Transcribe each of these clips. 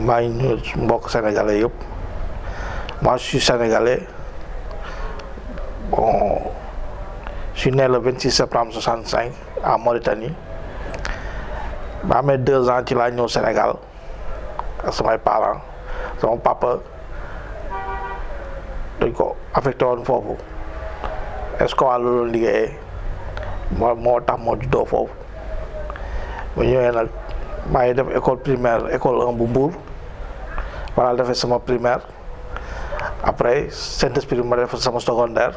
moi je suis sénégalais je suis né le 26 septembre 1965 à Mauritanie deux ans ci laa Sénégal avec mes parents papa donc affecté woon est-ce que a le tax mon maa ngi dem école primaire école 1 bu Mbour maa sama primaire après Saint-Esprit ma def sama secondaire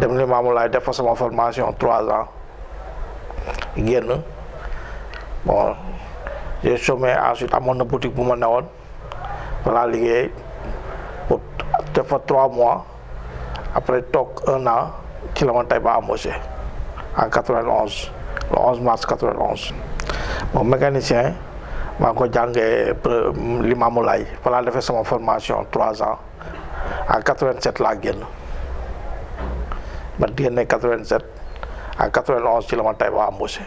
dem ni maamu laay def fa sama formation trois ans génn bon j'ai chômé ensuite amoon na boutique bu ma newoon balaa liggéey pour def fa trois mois après toog un an ci la ma tey ba embauché en 91 le 11 mars 91. moom mécanicien maa ngi ko jàngee Limamou Laye fa laa defee sama formation trois ans en 87 laa génn ba génne 87 en 91 ci la ma tey ba embauché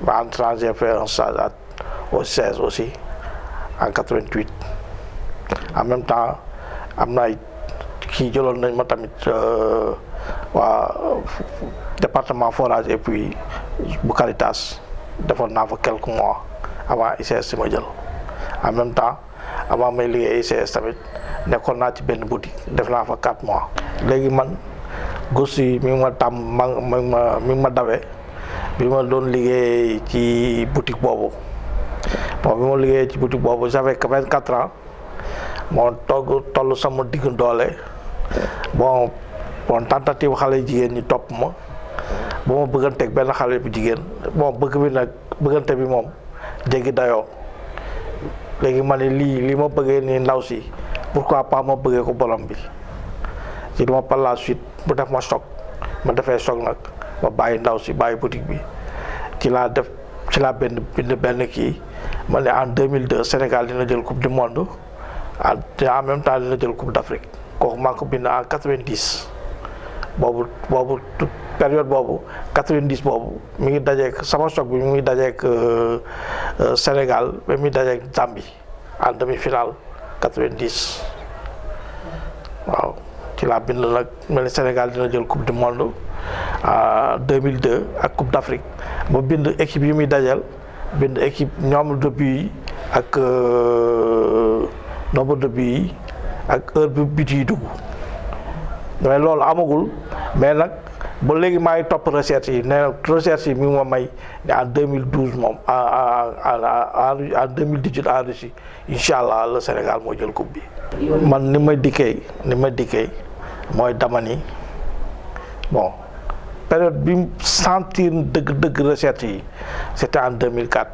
ba entrant j'ai fait un stage à au 16 aussi en 88 temps am na ay kii jëloon nañ ma tamit euh, waa département forage et puis bu Caritas. defoon naa fa quelques mois avant ICS si ma jël en même temps avant may liggéey ICS tamit nekkoon naa ci benn boutique def naa fa quatre mois. léegi man gos yi mi ngi ma tàmm ma ma mi ma dawee bi ma doon liggéey ci boutique boobu bon bi ma liggéeyee ci boutique boobu j'avais vingt quatre ans moo togg toll sama digg doole bon bon tentative xale jigéen ñi topp ma. ba ma bëgganteeg benn xale bu jigéen bon bëgg bi nag bëggante bi moom jéggi dayoo léegi ma ne li ma bëggee nii ndaw si pourquoi pas ma bëggee ko borom bi ci li pa par la suite bu def ma choc ma defee choc nag ma bàyyi ndaw si bàyyi boutique bi ci laa def ci laa benn bind benn kii ma ne en 2002 Sénégal dina jël coupe du monde en même temps dina jël coupe d'Afrique kooku maa ko bind en 90 boobu boobu période boobu Catherine dis mi ngi dajeek sama choc bi mi ngi dajeek euh, euh, Sénégal ba mi dajeek Zambie en demi-finale 90 waaw Senegal laa bind nag mel ni Sénégal dina jël coupe du monde en euh, 2002 ak coupe d'Afrique ba bind équipe yi muy dajal bind équipe ñoom de but ak nombre de but ak heure bi but mais loolu amagul mais nag. ba léegi maa ngi topp recherche yi nee na recherche yi mi ngi ma may ne en 2012 moom en en 2018 en Russie incha allah le Sénégal moo jël coupe bi. man ni ma dikkee ni ma dikkee mooy dama ni bon période bi mu sentir dëgg-dëgg recherche yi c' était en 2004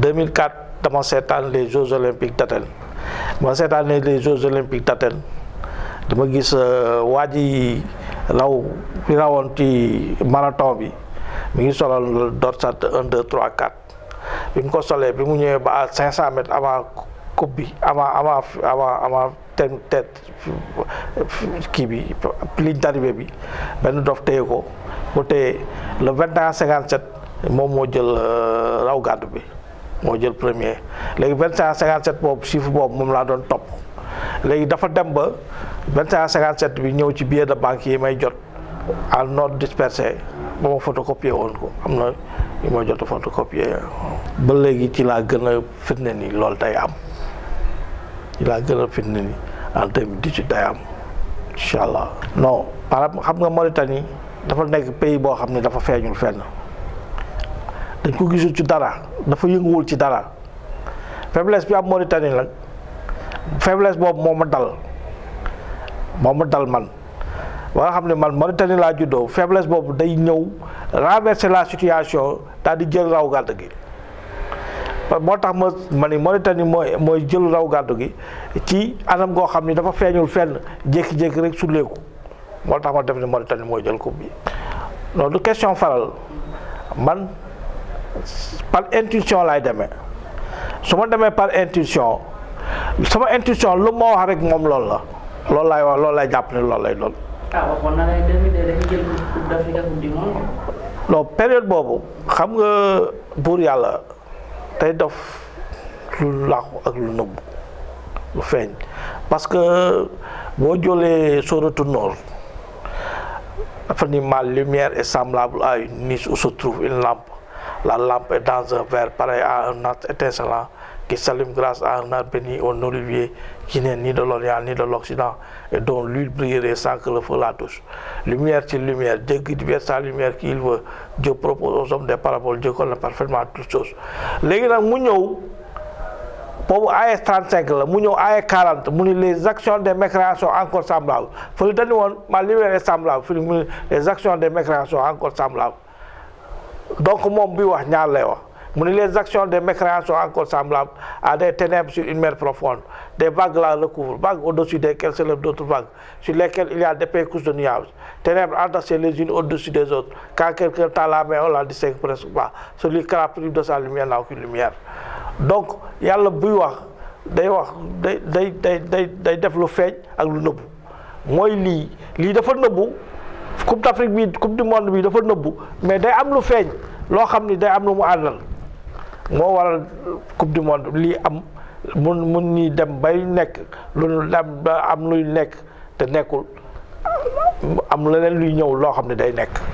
2004 dama seetaan les Jeux olympiques d' Athènes ma seetaan les Jeux olympiques d' Athènes dama gis euh, waa ji raw rawoon ci marathon bi mu ngi solal dorsat un deux trois quatre bi mu ko solee bi mu ñëwee ba à cinq cent mètres avant coupe bi avant avant avant avant terme tête bi ligne d'arrivée bi benn dof téye ko bu téye le vingt et un cinquante sept moom moo jël euh, raw gàddu bi moo jël premier léegi vingt et un cinquante sept boobu chiffre boobu moom laa doon topp léegi dafa dem ba 21 57 bi ñëw ci billet de banque yi may jot à note dispersé ba ma photocopier woon ko am na yu ma jot a photocopier ba léegi ci laa gën a firnde ni lool day am ci laa gën a firnde ni en 2018 day am incha allah non maanaam xam nga Mauritanie dafa nekk pays boo xam ne dafa feeñul fenn dañ ko gisul ci dara dafa yënguwul ci dara faiblesse bi am Mauritanie nag. faiblesse boobu moom ma dal moo ma dal man ba xam ne man Mauritanie laa juddoo faiblesse boobu day ñëw renverser la situation daal di jël raw gàdd gi moo tax ma ma ni Mauritanie mooy mooy jël raw gàdd gi ci anam goo xam ni dafa feeñul fenn jékki-jékki rek sulleeku moo tax ma def ni Mauritanie mooy jël coupe bi non du question faral man par intuition laay demee su ma demee par intuition sama intuition lu ma wax rek moom loolu la loolu laay wax loolu lay jàpp ne loolu lay doon. Ah, période boobu xam nga buur yàlla tey dof lu làqu ak lu nëbb lu feeñ parce que boo jëlee sooratu Noor dafa ni ma lumière est semblable à une niche où se trouve une lampe la lampe est dans un verre pareil à un astre étincelant qui s'allume grâce à un arbre béni, un olivier qui n'est ni de l'Orient ni de l'Occident et dont l'huile brillerait sans que le feu la touche. Lumière c'est lumière, Dieu guide bien sa lumière qu'il veut. Dieu propose aux hommes des paraboles, Dieu connaît parfaitement toutes choses. Les gens mu pour boobu as 35 la mu ñëw 40 les actions des mécréants sont encore semblables faut dañu woon ma lumière est semblable les actions des mécréants sont encore semblables donc mon bi wax ñaar lay mu ni les actions de mécréants sont encore semblables à des sur une mer profonde des vagues la recouvrent vagues au-dessus desquelles s'élèvent d'autres vagues sur lesquelles il y a d'épais couches de nuages ténèbres entassées les unes au-dessus des autres quand quelqu'un tend la main on la distingue presque pas celui qui la prive de sa lumière n'a aucune lumière donc yàlla buy wax day wax day day day day day def lu feeñ ak lu nëbbu mooy lii lii dafa nëbbu coupe d'Afrique bi cou du monde dafa nëbbu mais day am lu feeñ loo xam ni day am lu mu moo waral coupe du monde lii am mun mun ñuy dem bay nekk lu dem ba am luy nekk te nekkul am leneen luy ñëw loo xam ne day nekk